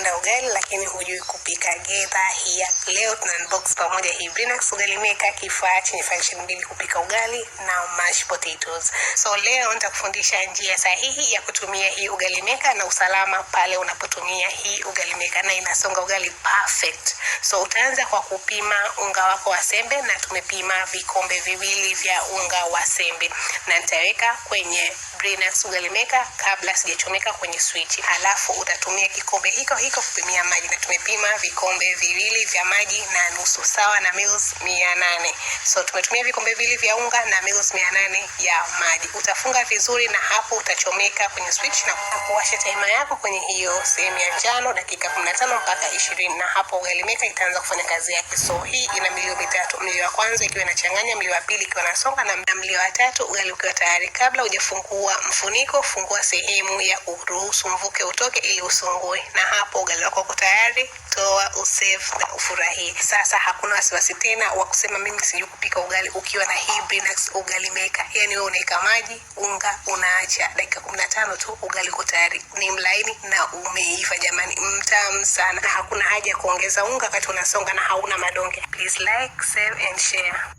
unapenda ugali lakini hujui kupika. Gedha hia leo tuna unbox pamoja hii Brinax ugali meka kifaa chenye function mbili kupika ugali na mashed potatoes. So leo nitakufundisha njia sahihi ya kutumia hii ugali meka na usalama pale unapotumia hii ugali meka na inasonga ugali perfect. So utaanza kwa kupima unga wako wa sembe, na tumepima vikombe viwili vya unga wa sembe na nitaweka kwenye Brinax ugali maker kabla sijachomeka kwenye switch, halafu utatumia kikombe hiko hiko kwa kupimia maji, na tumepima vikombe viwili vya maji na nusu sawa na mils mia nane. So tumetumia vikombe viwili vya unga na mils mia nane ya maji. Utafunga vizuri, na hapo utachomeka kwenye switch na kuwasha taima yako kwenye hiyo sehemu ya njano, dakika 15 mpaka ishirini, na hapo ugali itaanza kufanya kazi yake. So hii ina milio mitatu, mlio wa kwanza ikiwa inachanganya, mlio wa pili ikiwa nasonga, na mlio wa tatu ugali ukiwa tayari. Kabla hujafungua mfuniko, fungua sehemu ya kuruhusu mvuke utoke ili usungue, na hapo ugali wako uko tayari, toa usave na ufurahie. Sasa hakuna wasiwasi tena wa kusema mimi sijui kupika ugali, ukiwa na hii ugali meka Yani wewe unaweka maji, unga, unaacha dakika kumi na tano tu, ugali uko tayari, ni mlaini na umeiva. Jamani, mtamu sana, na hakuna haja ya kuongeza unga wakati unasonga na hauna madonge. Please like, save and share.